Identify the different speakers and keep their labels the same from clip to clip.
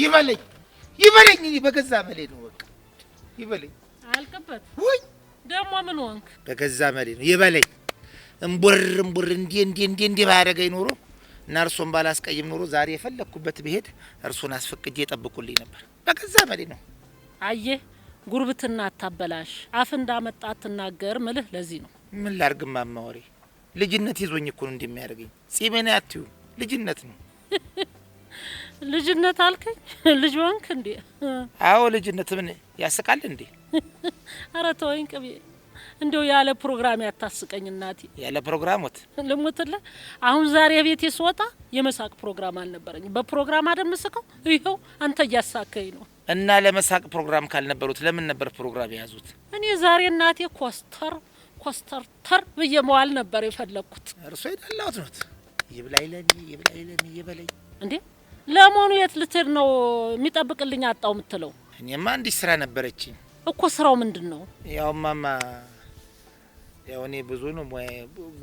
Speaker 1: ይበለኝ ይበለኝ። እኔ በገዛ መሌ ነው በቃ ይበለኝ። አልቅበት ወይ
Speaker 2: ደግሞ ምን ሆንክ?
Speaker 1: በገዛ መሌ ነው ይበለኝ። እምቡር እምቡር ባያደርገኝ ኖሮ እና እርሶን ባላስቀይም ኖሮ ዛሬ የፈለግኩበት ብሄድ እርሶን አስፈቅጄ ጠብቁልኝ ነበር። በገዛ መሌ ነው።
Speaker 2: አየህ ጉርብትና አታበላሽ፣ አፍ እንዳመጣ አትናገር ምልህ ለዚህ ነው።
Speaker 1: ምን ላርግ ማማ ወሬ ልጅነት ይዞኝ እኮ ነው እንደሚያደርገኝ። ጺሜን አትዩ ልጅነት ነው
Speaker 2: ልጅነት አልከኝ? ልጅ ወንክ እንዴ?
Speaker 1: አዎ ልጅነት ምን ያስቃል እንዴ?
Speaker 2: አረ ተወኝ ቅቤ፣ እንደው ያለ ፕሮግራም ያታስቀኝ እናቴ።
Speaker 1: ያለ ፕሮግራም ወት
Speaker 2: ልሙትለ አሁን ዛሬ ቤቴ ስወጣ የመሳቅ ፕሮግራም አልነበረኝ። በፕሮግራም አይደል ምስቀው? ይኸው አንተ እያሳከኝ ነው።
Speaker 1: እና ለመሳቅ ፕሮግራም ካልነበሩት ለምን ነበር ፕሮግራም የያዙት?
Speaker 2: እኔ ዛሬ እናቴ ኮስተር ኮስተር ተር ብዬ መዋል ነበር የፈለግኩት።
Speaker 1: እርሶ የዳላዎት ነት ይብላይ ለኒ ይበለኝ
Speaker 2: እንዴ ለመሆኑ የት ልትሄድ ነው? የሚጠብቅልኝ አጣው የምትለው?
Speaker 1: እኔማ እንዲህ ስራ ነበረችኝ
Speaker 2: እኮ። ስራው ምንድን ነው?
Speaker 1: ያው ማማ ያው እኔ ብዙ ነው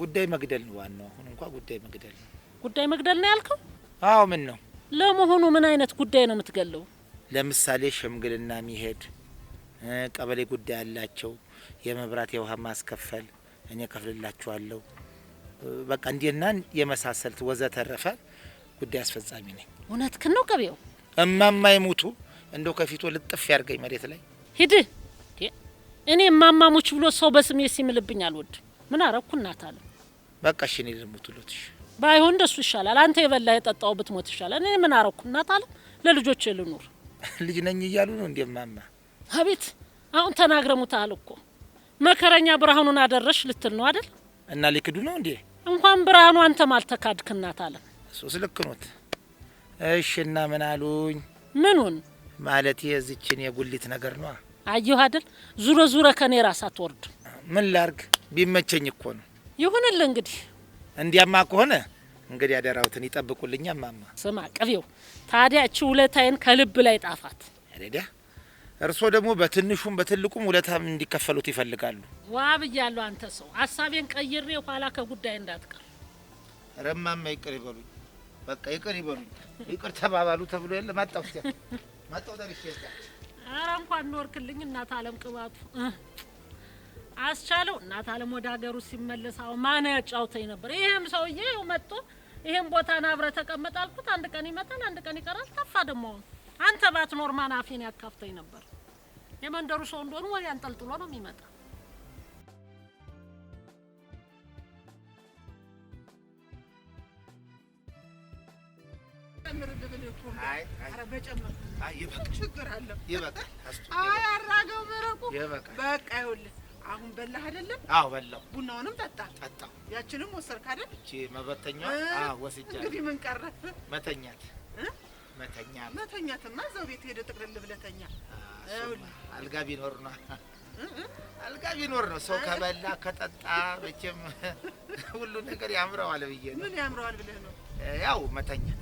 Speaker 1: ጉዳይ መግደል ነው ዋናው። አሁን እንኳ ጉዳይ መግደል ነው።
Speaker 2: ጉዳይ መግደል ነው ያልከው? አዎ። ምን ነው ለመሆኑ ምን አይነት ጉዳይ ነው የምትገለው?
Speaker 1: ለምሳሌ ሽምግልና የሚሄድ ቀበሌ ጉዳይ ያላቸው የመብራት የውሃ ማስከፈል እኔ ከፍልላችኋለሁ፣ በቃ እንዲና የመሳሰልት ወዘተረፈ ጉዳይ አስፈጻሚ ነኝ።
Speaker 2: እውነትህን ነው ገበያው።
Speaker 1: እማማ ይሙቱ እንደው ከፊቶ ልጥፍ ያርገኝ መሬት ላይ
Speaker 2: ሂድ። እኔ ሙች ብሎ ሰው በስሜ ሲምልብኝ አልወድም። ምን አረኩ እናት አለ።
Speaker 1: በቃ እሺ እኔ ልሙትሎት። እሺ
Speaker 2: ባይሆን እንደሱ ይሻላል። አንተ የበላ የጠጣው ብትሞት ይሻላል። እኔ ምን አረኩ እናት አለ። ለልጆቼ ልኑር።
Speaker 1: ልጅ ነኝ እያሉ ነው እንዴ እማማ?
Speaker 2: አቤት አሁን ተናግረሙታል እኮ መከረኛ ብርሃኑን አደረሽ ልትል ነው አይደል?
Speaker 1: እና ሊክዱ ነው እንዴ?
Speaker 2: እንኳን ብርሃኑ አንተም አልተካድክ እናት
Speaker 1: ሶስት ልክ ኖት። እሺ እና ምን አሉኝ? ምኑን ማለት የዚችን የጉሊት ነገር ነው።
Speaker 2: አየሁ አይደል? ዙረ ዙረ ከኔ ራስ አትወርድ።
Speaker 1: ምን ላርግ? ቢመቸኝ እኮ ነው።
Speaker 2: ይሁንልህ እንግዲህ።
Speaker 1: እንዲያማ ከሆነ እንግዲህ አደራውትን ይጠብቁልኝ። አማማ
Speaker 2: ስማ፣ ቅቤው ታዲያ እቺ ውለታዬን ከልብ ላይ ጣፋት።
Speaker 1: አሬዳ እርሶ ደግሞ በትንሹም በትልቁም ውለታም እንዲከፈሉት ይፈልጋሉ።
Speaker 2: ዋ ብያለሁ። አንተ ሰው ሀሳቤን ቀይሬ ኋላ ከጉዳይ እንዳትቀር።
Speaker 1: ረማማ ይቅር ይበሉኝ። በቃ ይቅር ይበሉኝ፣ ይቅር ተባባሉ ተብሎ የለ ማጣው ሲያ ማጣው ደርሼ እስኪ
Speaker 2: ኧረ እንኳን ኖርክልኝ እናት አለም ቅባቱ አስቻለው እናት አለም ወደ ሀገሩ ሲመለስ አሁን ማን ያጫውተኝ ነበር። ይሄም ሰውዬ ይኸው መጥቶ ይሄን ቦታን አብረ ተቀመጥ አልኩት። አንድ ቀን ይመጣል፣ አንድ ቀን ይቀራል። ጠፋ ደሞ አንተ ባትኖር ማን አፌን ያካፍተኝ ነበር። የመንደሩ ሰው እንደሆነ ወሬ አንጠልጥሎ ነው የሚመጣ አራገው በረቁ በቃ ይኸውልህ፣ አሁን በላህ አይደለም? አዎ በላሁ። ቡናውንም ጠጣ ጠጣሁ። ያችንም ወሰድክ አይደል?
Speaker 1: እቺ መበተኛዋ ወስጃለሁ።
Speaker 2: እንግዲህ ምን ቀረህ?
Speaker 1: መተኛት መተኛት
Speaker 2: መተኛትማ እዛው ቤት ሄደህ ጥቅልል ብለህ
Speaker 1: አልጋ ቢኖር ነው አልጋ ቢኖር ነው። ሰው ከበላ ከጠጣ መቼም ሁሉ ነገር ያምረዋል ብዬ
Speaker 2: ነው። ምን ያምረዋል ብለህ ነው?
Speaker 1: ያው መተኛት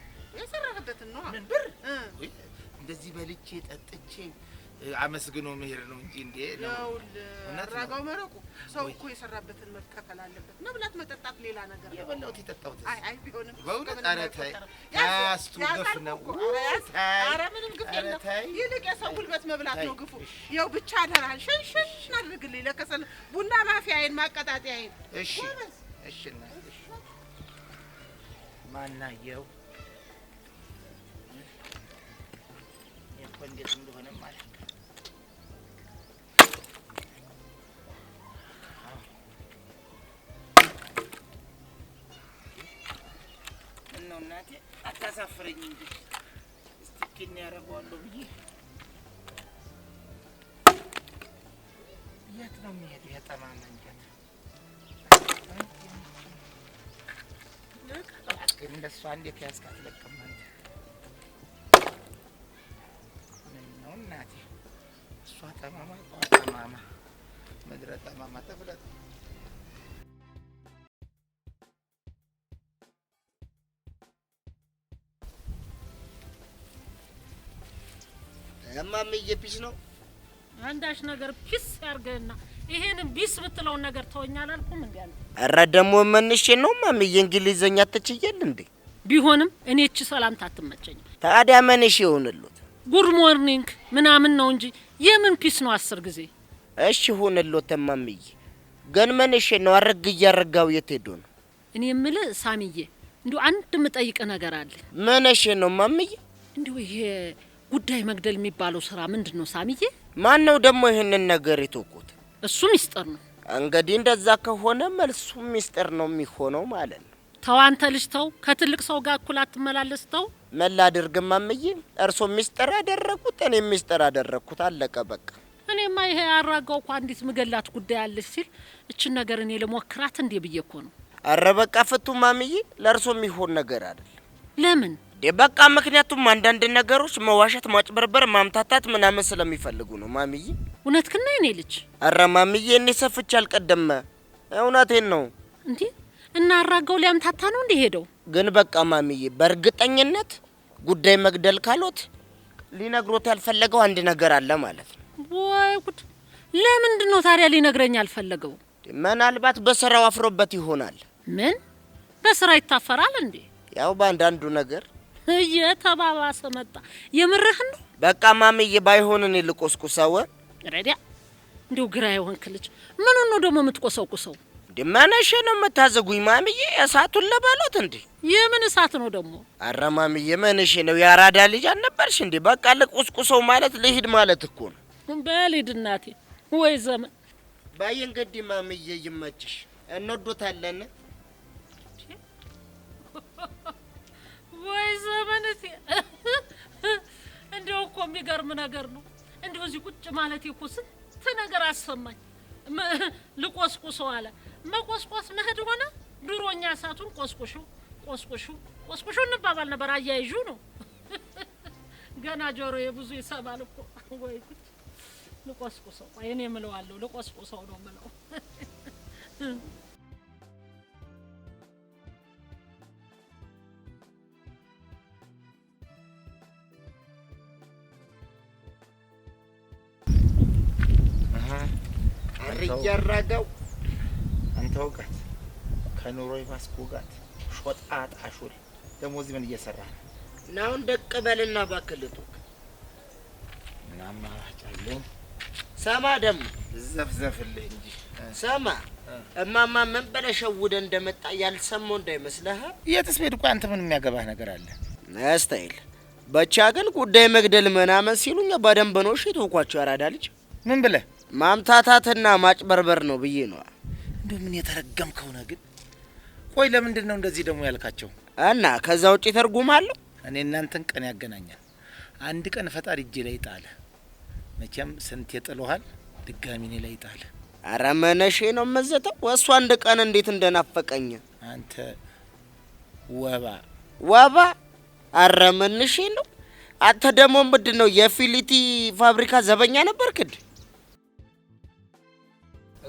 Speaker 2: የሰራህበትን ነው።
Speaker 1: ምን ብር እንደዚህ በልቼ ጠጥቼ አመስግኖ መሄድ ነው እንጂ እንዴ
Speaker 2: ነው መረቁ። ሰው እኮ የሰራበትን መከፈል አለበት። መብላት መጠጣት ሌላ ነገር
Speaker 1: ነው። የበላሁት የጠጣሁት
Speaker 2: አይ አይ ቢሆንም
Speaker 1: በእውነት ኧረ ተይ፣ ግፍ ነው።
Speaker 2: ኧረ ምንም ግፍ የለም። ይልቅ የሰው ጉልበት መብላት ነው ግፉ። ይኸው ብቻ አደራህን አድርግልኝ። ለከሰል ቡና ማፊያዬን ማቀጣጠያዬን።
Speaker 1: እሺ እሺ። እና ማናየው እንዴት እንደሆነ ማለት ነው።
Speaker 2: ምነው እናቴ አታሳፍረኝ እንጂ እስኪ ያደርገዋለሁ ብዬ
Speaker 1: የት ነው የሚሄድ የጠማማ እንደሷ እንዴት ያስቃት ለቅም አንተ እሷ ጠማማ ጠማማ ምድረ ጠማማ ተብለ እማምዬ ፒስ ነው
Speaker 2: አንዳች ነገር ፒስ ያርገና ይሄንን ቢስ ብትለውን ነገር ተወኝ አላልኩም እንዴ? አለ
Speaker 1: ኧረ ደግሞ መንሼ ነው እማምዬ እንግሊዘኛ ትችያል እንዴ?
Speaker 2: ቢሆንም እኔ እቺ ሰላምታ አትመቸኝም።
Speaker 1: ታዲያ መንሽ ይሆንሉት
Speaker 2: ጉድ ሞርኒንግ ምናምን ነው እንጂ የምን ፒስ ነው አስር ጊዜ?
Speaker 1: እሺ ሆነሎት ተማምዬ ግን ምን እሺ ነው አረግ እያረጋው የት ሄዶ ነው?
Speaker 2: እኔ የምል ሳሚዬ እንዲሁ አንድ ምጠይቅ ነገር አለ።
Speaker 1: ምን እሺ ነው ማምዬ?
Speaker 2: እንዲሁ ይሄ ጉዳይ መግደል የሚባለው ስራ ምንድን ነው ሳሚዬ?
Speaker 1: ማን ነው ደግሞ ይህንን ነገር የተውቁት?
Speaker 2: እሱ ሚስጥር ነው።
Speaker 1: እንግዲህ እንደዛ ከሆነ መልሱ ሚስጥር ነው የሚሆነው ማለት ነው።
Speaker 2: ተው አንተ ልጅ ተው፣ ከትልቅ ሰው ጋር እኩል አትመላለስ ተው።
Speaker 1: መላ አድርግማ ማምዬ እርሶ ሚስጥር አደረኩት፣ እኔ ሚስጥር አደረኩት። አለቀ በቃ።
Speaker 2: እኔማ ይሄ አራጋው እኮ አንዲት ምገላት ጉዳይ አለች ሲል እችን ነገር እኔ ልሞክራት እንዴ ብዬ እኮ ነው።
Speaker 1: አረ በቃ ፍቱ ማምዬ፣ ለእርሶ የሚሆን ነገር አይደለም። ለምን እንዴ? በቃ ምክንያቱም አንዳንድ ነገሮች መዋሸት፣ ማጭበርበር፣ ማምታታት ምናምን ስለሚፈልጉ ነው ማምዬ።
Speaker 2: እውነት ክና እኔ ልጅ?
Speaker 1: አረ ማምዬ፣ እኔ ሰፍቼ አልቀደመ እውነቴን ነው።
Speaker 2: እንዴ እና አራጋው ሊያምታታ ነው እንዴ ሄደው
Speaker 1: ግን በቃ ማሚዬ በእርግጠኝነት ጉዳይ መግደል ካሎት ሊነግሮት ያልፈለገው አንድ ነገር አለ ማለት ነው።
Speaker 2: ወይ ጉድ! ለምንድን ነው ታዲያ ሊነግረኝ ያልፈለገው?
Speaker 1: ምናልባት በስራው አፍሮበት ይሆናል።
Speaker 2: ምን በስራ ይታፈራል እንዴ?
Speaker 1: ያው በአንዳንዱ ነገር
Speaker 2: እየተባባሰ መጣ። የምርህን ነው?
Speaker 1: በቃ ማሚዬ ባይሆንን እኔ ልቆስቁሰው።
Speaker 2: ረዲያ እንዲሁ ግራ የሆንክ ልጅ ምኑን ነው ደግሞ የምትቆሰው ቁሰው
Speaker 1: እንደማነሽ ነው የምታዘጉኝ ማምዬ? እሳቱን ለበሉት እንዴ!
Speaker 2: የምን እሳት ነው ደግሞ?
Speaker 1: አረ ማምዬ መንሽ ነው የአራዳ ልጅ አልነበርሽ እንዴ? በቃ ልቁስቁሰው ማለት ልሂድ ማለት እኮ ነው።
Speaker 2: በል እናቴ። ወይ ዘመን
Speaker 1: ባይ እንግዲህ ማምዬ ይመችሽ፣ እንወዶታለን።
Speaker 2: ወይ ዘመን እንደው እኮ የሚገርም ነገር ነው። እንደው እዚህ ቁጭ ማለት እኮ ስንት ነገር አሰማኝ። ልቆስቁሰው አለ መቆስቆስ መሄድ ሆነ። ድሮኛ እሳቱን ቆስቁሹ ቆስቁሹ ቆስቁሹ እንባባል ነበር። አያይዡ ነው ገና ጆሮ የብዙ ይሰማል እኮ። ወይ ጉድ! ልቆስቁሰው ቆይ፣ እኔ ምለዋለሁ ልቆስቁሰው ነው ምለው።
Speaker 1: አር ብታወጋት ከኑሮ ማስጎጋት ሾጣ ጣሹል ደግሞ እዚህ ምን እየሰራ ነው? እና አሁን ደቅ በልና ባክልጡ ምን አማራጭ ሰማ ደግሞ ዘፍዘፍልህ እንጂ ሰማ እማማ ምን ብለህ ሸውደህ እንደመጣ ያልሰማው እንዳይመስልህ። የትስ ቤት እኮ አንተ ምን የሚያገባህ ነገር አለ? እስታይል ብቻ ግን ጉዳይ መግደል ምናምን ሲሉኝ በደንብ ነው እሺ ተውኳቸው። ያራዳ ልጅ ምን ብለህ ማምታታትና ማጭበርበር ነው ብዬ ነዋ እንደው ምን የተረገም ከሆነ ግን ቆይ ለምንድን ነው እንደዚህ ደግሞ ያልካቸው? እና ከዛ ውጭ ተርጉማለ? እኔ እናንተን ቀን ያገናኛል። አንድ ቀን ፈጣሪ እጅ ላይ ጣለ። መቼም ስንት የጥለሃል ድጋሚ እኔ ላይ ጣለ። አረ መነሼ ነው መዘተው እሱ አንድ ቀን እንዴት እንደናፈቀኝ አንተ ወባ ወባ አረ መነሼ ነው አንተ ደግሞ ምንድን ነው የፊሊቲ ፋብሪካ ዘበኛ ነበርክድ?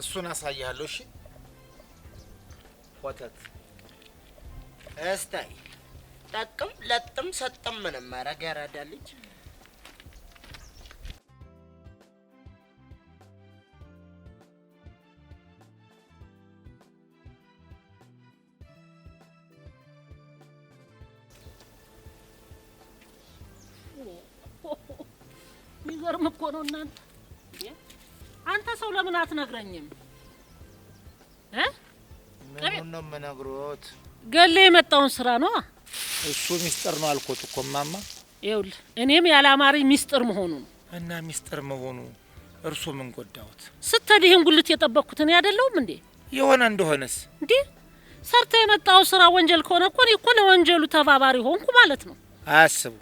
Speaker 1: እሱን አሳያለሁ። እሺ ወተት እስታይ ጠቅም ለጥም ሰጥም ምንም ማረግ ያራዳልች።
Speaker 2: የሚገርም እኮ ነው እናንተ። አንተ ሰው ለምን አትነግረኝም?
Speaker 1: ምኑን ነው የምነግሮት?
Speaker 2: ገሌ የመጣውን ስራ ነው
Speaker 1: እሱ ሚስጥር ነው አልኮት እኮ ማማ።
Speaker 2: ይኸውልህ እኔም ያለ አማሪ ሚስጥር መሆኑ ነው።
Speaker 1: እና ሚስጥር መሆኑ እርሱ ምን ጎዳሁት?
Speaker 2: ስትሄድ ይህን ጉልት የጠበቅኩት እኔ አይደለሁም እንዴ?
Speaker 1: የሆነ እንደሆነስ
Speaker 2: እንዴ ሰርተ የመጣው ስራ ወንጀል ከሆነ እኮ እኔ እኮ ለወንጀሉ ተባባሪ ሆንኩ ማለት ነው።
Speaker 1: አያስቡ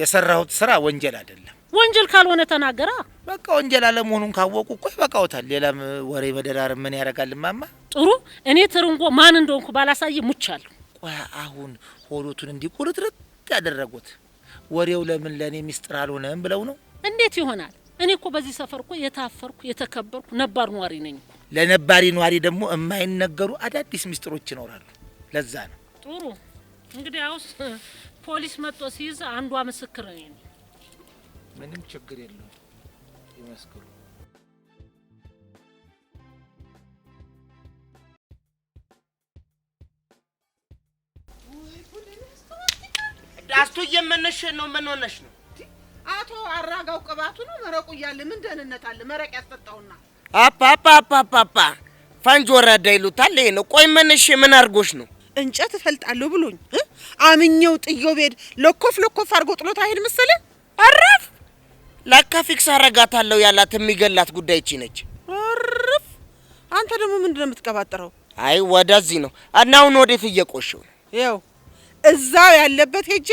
Speaker 1: የሰራሁት ስራ ወንጀል አይደለም።
Speaker 2: ወንጀል ካልሆነ ተናገራ።
Speaker 1: በቃ ወንጀል አለመሆኑን ካወቁ እኮ ይበቃውታል። ሌላም ወሬ መደራር ምን ያደርጋል? ማማ
Speaker 2: ጥሩ። እኔ ትርንጎ ማን እንደሆንኩ ባላሳይ ሙቻለሁ።
Speaker 1: ቆይ አሁን ሆዶቱን እንዲቁርጥርጥ ያደረጉት ወሬው ለምን ለእኔ ሚስጥር አልሆነም ብለው ነው?
Speaker 2: እንዴት ይሆናል? እኔ እኮ በዚህ ሰፈር እኮ የታፈርኩ የተከበርኩ ነባር ነዋሪ ነኝ።
Speaker 1: ለነባሪ ነዋሪ ደግሞ የማይነገሩ አዳዲስ ሚስጥሮች ይኖራሉ። ለዛ ነው።
Speaker 2: ጥሩ እንግዲህ አውስ ፖሊስ መጥቶ ሲይዝ አንዷ ምስክር ነኝ።
Speaker 1: ምንም ችግር የለውም። ይመስክሩ። ዳስቱ እየመነሽ ነው። ምን ሆነሽ ነው?
Speaker 2: አቶ አራጋው ቅባቱ ነው መረቁ እያለ ምን ደህንነት አለ? መረቅ ያስጠጣውና
Speaker 1: አፓፓፓፓፓ ፈንጅ ወረዳ ይሉታል። ይሄ ነው። ቆይ መነሽ ምን አድርጎሽ ነው?
Speaker 2: እንጨት እፈልጣለሁ ብሎኝ አምኘው ጥዮ ቤድ ለኮፍ ለኮፍ አድርጎ ጥሎት አይሄድ መሰለህ
Speaker 1: ላካ ፊክስ አረጋታለሁ ያላት የሚገላት ጉዳይ እቺ ነች።
Speaker 2: እርፍ! አንተ ደግሞ ምንድን ነው የምትቀባጥረው?
Speaker 1: አይ ወደዚህ ነው እና አሁን ወዴት እየቆሸው ነው?
Speaker 2: ይኸው እዛው ያለበት ሄጄ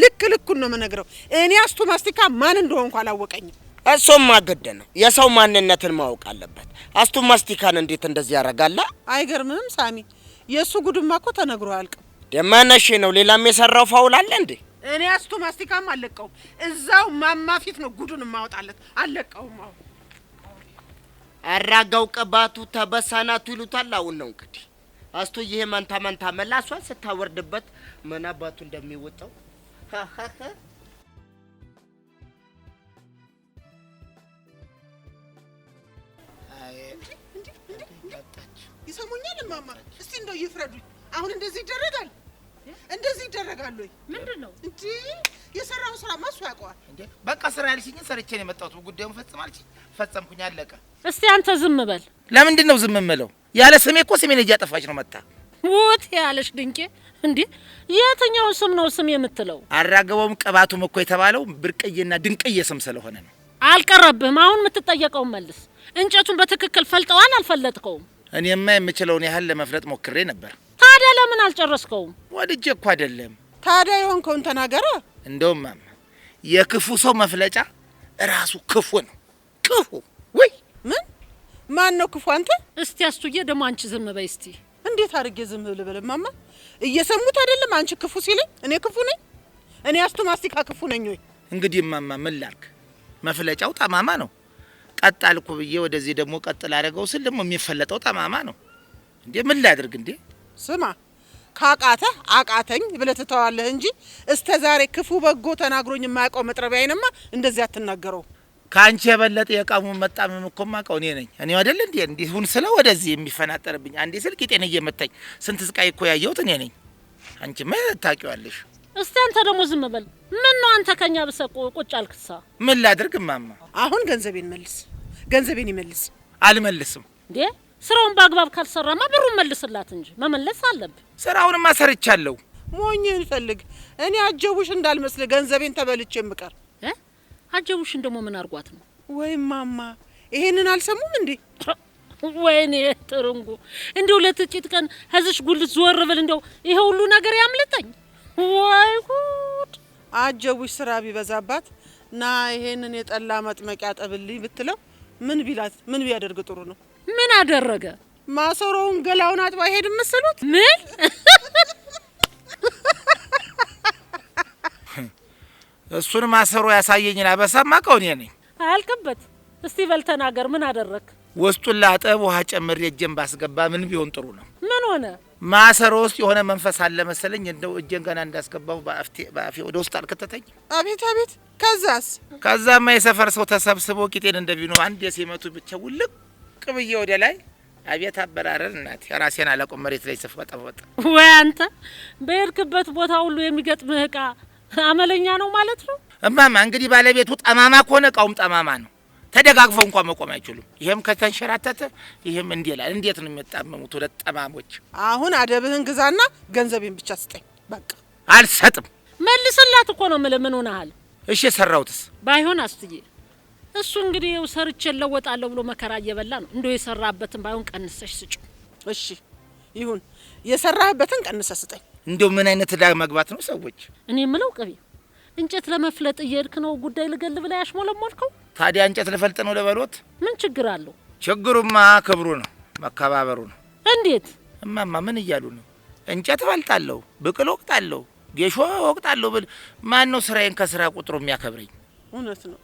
Speaker 2: ልክ ልኩን ነው የምነግረው። እኔ አስቱ ማስቲካ ማን እንደሆንኩ አላወቀኝም።
Speaker 1: እሱም ማገደ ነው የሰው ማንነትን ማወቅ አለበት። አስቱ ማስቲካን እንዴት እንደዚህ ያደርጋላ?
Speaker 2: አይገርምም ሳሚ፣ የእሱ ጉድማ እኮ ተነግሮ አያልቅም።
Speaker 1: ደመነሽ ነው ሌላም የሰራው ፋውል አለ እንዴ?
Speaker 2: እኔ አስቱ ማስቲካም አለቀውም። እዛው ማማ ፊት ነው ጉዱን የማወጣለት። አለቀውም። አሁን
Speaker 1: አራጋው ቅባቱ ተበሳናቱ ይሉታል። አሁን ነው እንግዲህ አስቱ ይሄ መንታ መንታ መላሷን ስታወርድበት ምን አባቱ እንደሚወጣው
Speaker 2: ይሰሙኛል። ማማ እስቲ እንደው ይፍረዱኝ። አሁን እንደዚህ ይደረጋል። እንደዚህ ይደረጋሉ? ወይ? ምንድን ነው የሰራው ስራ ማሱ ያውቀዋል።
Speaker 1: በቃ ስራ ያልሽኝ ሰርቼ ነው የመጣሁት። ጉዳዩን ፈጽም አልሽኝ፣ ፈጸምኩኝ፣ አለቀ።
Speaker 2: እስቲ አንተ ዝም በል።
Speaker 1: ለምንድን ነው ዝም የምለው? ያለ ስሜ እኮ ስሜን እያጠፋች ነው መታ
Speaker 2: ውት ያለሽ ድንቄ፣ እንዴ የትኛው ስም ነው ስም የምትለው?
Speaker 1: አራገበውም ቅባቱም እኮ የተባለው ብርቅዬና ድንቅዬ ስም ስለሆነ ነው።
Speaker 2: አልቀረብህም። አሁን የምትጠየቀውን መልስ። እንጨቱን በትክክል ፈልጠዋል አልፈለጥከውም?
Speaker 1: እኔማ የምችለውን ያህል ለመፍለጥ ሞክሬ ነበር።
Speaker 2: ታዲያ ለምን አልጨረስከውም?
Speaker 1: ወድጄ እኮ አይደለም።
Speaker 2: ታዲያ የሆንከውን ተናገረ።
Speaker 1: እንደውም ማማ የክፉ ሰው መፍለጫ ራሱ ክፉ ነው። ክፉ ወይ
Speaker 2: ምን? ማን ነው ክፉ? አንተ እስቲ አስቱዬ፣ ደግሞ አንቺ ዝም በይ እስቲ። እንዴት አድርጌ ዝም ልበል ማማ? እየሰሙት አይደለም አንቺ ክፉ ሲለኝ እኔ ክፉ ነኝ? እኔ አስቱ ማስቲካ ክፉ ነኝ ወይ?
Speaker 1: እንግዲህ ማማ ምን ላልክ፣ መፍለጫው ጠማማ ነው። ቀጥ አልኩ ብዬ ወደዚህ ደግሞ ቀጥ ላደረገው ስል ደግሞ የሚፈለጠው ጠማማ ነው። እንዴ ምን ላድርግ እንዴ
Speaker 2: ስማ ካቃተ አቃተኝ ብለህ ትተዋለህ እንጂ እስከ ዛሬ ክፉ በጎ ተናግሮኝ የማያውቀው መጥረቢያዬንማ እንደዚህ አትናገረው።
Speaker 1: ከአንቺ የበለጠ የቃሙን መጣምም እኮ የማውቀው እኔ ነኝ። እኔ አይደል እንዴ እንዲህ ስለ ወደዚህ የሚፈናጠርብኝ አንዴ ስልክ ጤን እየመታኝ ስንት ስቃይ እኮ ያየሁት እኔ ነኝ። አንቺ ምን ታውቂዋለሽ?
Speaker 2: እስቲ አንተ ደግሞ ዝም በል። ምን ነው አንተ ከኛ ብሰ ቁጭ አልክሳ?
Speaker 1: ምን ላድርግ እማማ?
Speaker 2: አሁን ገንዘቤን መልስ፣ ገንዘቤን ይመልስ። አልመልስም እንዴ ስራውን በአግባብ ካልሰራማ ብሩን መልስላት እንጂ መመለስ አለብህ።
Speaker 1: ስራውን ማሰርቻለሁ።
Speaker 2: ሞኝ ፈልግ። እኔ አጀቡሽ እንዳልመስል ገንዘቤን ተበልቼ የምቀር አጀቡሽን ደግሞ ምን አርጓት ነው? ወይ ማማ ይሄንን አልሰሙም እንዴ? ወይኔ ትርንጉ እንዲሁ ለጥቂት ቀን ህዝሽ ጉልት ዞር ብል እንደው ይሄ ሁሉ ነገር ያምልጠኝ። ወይ ጉድ! አጀቡሽ ስራ ቢበዛባት ና ይሄንን የጠላ መጥመቂያ ጠብልኝ ብትለው ምን ቢላት ምን ቢያደርግ ጥሩ ነው? ምን አደረገ? ማሰሮውን ገላውን አጥባ ሄድ የምትስሉት ምን
Speaker 1: እሱን ማሰሮ ያሳየኝን አበሳማ ከሆነ የኔ
Speaker 2: አያልቅበት። እስቲ በል ተናገር፣ ምን አደረግ?
Speaker 1: ውስጡን ላጠብ ውሃ ጨምሬ እጄን ባስገባ ምን ቢሆን ጥሩ ነው? ምን ሆነ? ማሰሮ ውስጥ የሆነ መንፈስ አለ መሰለኝ። እንደው እጄን ገና እንዳስገባው በአፌ ወደ ውስጥ አልከተተኝ።
Speaker 2: አቤት አቤት። ከዛስ?
Speaker 1: ከዛማ የሰፈር ሰው ተሰብስቦ ቂጤን እንደቢኖ አንድ የሲመቱ ብቻ ውልቅ ብዬ ወደ ላይ አቤት አበራረር እናት የራሴን አላቆም መሬት ላይ ስፈጠፈጥ
Speaker 2: ወይ አንተ በሄድክበት ቦታ ሁሉ የሚገጥምህ እቃ አመለኛ ነው ማለት ነው።
Speaker 1: እማማ እንግዲህ ባለቤቱ ጠማማ ከሆነ እቃውም ጠማማ ነው። ተደጋግፈው እንኳን መቆም አይችሉም። ይሄም ከተንሸራተተ ይሄም እንዲህ እንዴት ነው የሚጣመሙት ሁለት ጠማሞች?
Speaker 2: አሁን አደብህን ግዛና ገንዘቤን ብቻ ስጠኝ። በቃ አልሰጥም። መልስላት እኮ ነው ምለምን ሆነሃል?
Speaker 1: እሺ የሰራሁትስ
Speaker 2: ባይሆን አስትዬ እሱ እንግዲህ ው ሰርቼ እለወጣለሁ ብሎ መከራ እየበላ ነው። እንደው የሰራበትን ባይሆን ቀንሰሽ ስጩ። እሺ ይሁን፣ የሰራበትን ቀንሰ ስጠኝ።
Speaker 1: እንደው ምን አይነት ዕዳ መግባት ነው ሰዎች?
Speaker 2: እኔ የምለው ቅቤ እንጨት ለመፍለጥ እየሄድክ ነው ጉዳይ ልገል ብላ ያሽሞለሞልከው።
Speaker 1: ታዲያ እንጨት ልፈልጥ ነው ለበሎት?
Speaker 2: ምን ችግር አለው?
Speaker 1: ችግሩማ ክብሩ ነው መከባበሩ ነው። እንዴት እማማ ምን እያሉ ነው? እንጨት እፈልጣለሁ፣ ብቅል ወቅጣለሁ፣ ጌሾ ወቅጣለሁ ብል ማን ነው ስራዬን ከስራ ቁጥሩ የሚያከብረኝ?
Speaker 2: እውነት ነው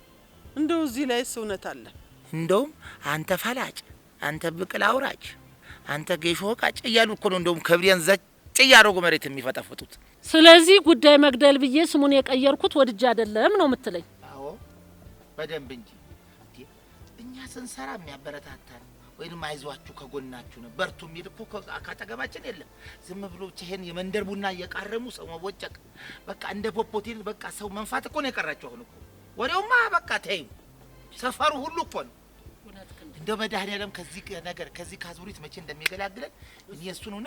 Speaker 2: እንደው እዚህ ላይ እውነት አለ።
Speaker 1: እንደውም አንተ ፈላጭ፣ አንተ ብቅል አውራጭ፣ አንተ ጌሾ ቃጭ እያሉ እኮ ነው እንደውም ከብሬን ዘጭ እያደረጉ መሬት የሚፈጠፍጡት።
Speaker 2: ስለዚህ ጉዳይ መግደል ብዬ ስሙን የቀየርኩት ወድጄ አይደለም ነው የምትለኝ?
Speaker 1: አዎ በደንብ እንጂ እኛ ስንሰራ የሚያበረታታን ወይም አይዟችሁ ከጎናችሁ ነው በርቱ የሚል እኮ ካጠገባችን የለም። ዝም ብሎ ይሄን የመንደር ቡና እየቃረሙ ሰው መቦጨቅ፣ በቃ እንደ ፖፖቴል በቃ ሰው መንፋት እኮ ነው የቀራቸው አሁን እኮ ወሬውማ በቃ ተይው፣ ሰፈሩ ሁሉ እኮ ነው። እንደው መድኃኒዓለም ከዚህ ነገር ከዚህ ከአዙሪት መቼ እንደሚገላግለን እኔ እሱ ነው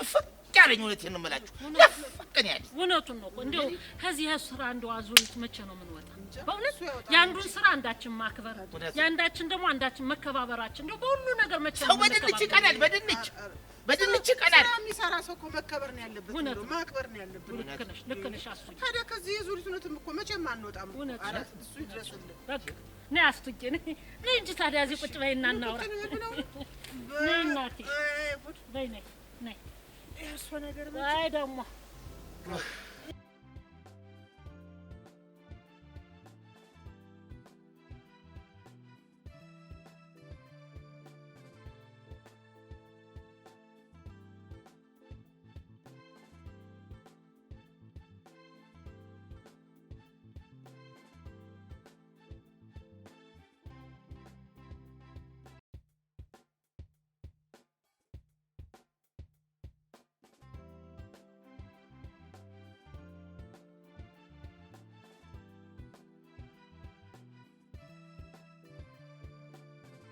Speaker 1: ያለኝ እውነቴን ነው የምላችሁ። ያፈቀን ያለኝ
Speaker 2: እውነቱን ነው። እንደው ከዚህ ስራ እንደው አዙሪት መቼ ነው የምንወጣ? በእውነት የአንዱን ስራ አንዳችን ማክበር፣ የአንዳችን ደግሞ አንዳችን መከባበራችን እንደው በሁሉ ነገር መቼ
Speaker 1: ነው? በድንች ይቀናል፣ በድንች በድንች ይቀናል።
Speaker 2: የሚሰራ ሰው እኮ መከበር ነው ያለበት፣ ማክበር ነው ያለበት። ልክ ነሽ፣ ልክ ነሽ። አሱ ታዲያ ከዚህ የዙሪት እውነትም እኮ መቼም አንወጣም። እውነት እሱ ይድረሱልን። በቃ ነይ አስቱዬ፣ ነይ እንጂ ታዲያ እዚህ ቁጭ በይና እናውራ። ነይ እናቴ፣ በይ ነይ፣ ነይ የእሱ ነገር አይ ደግሞ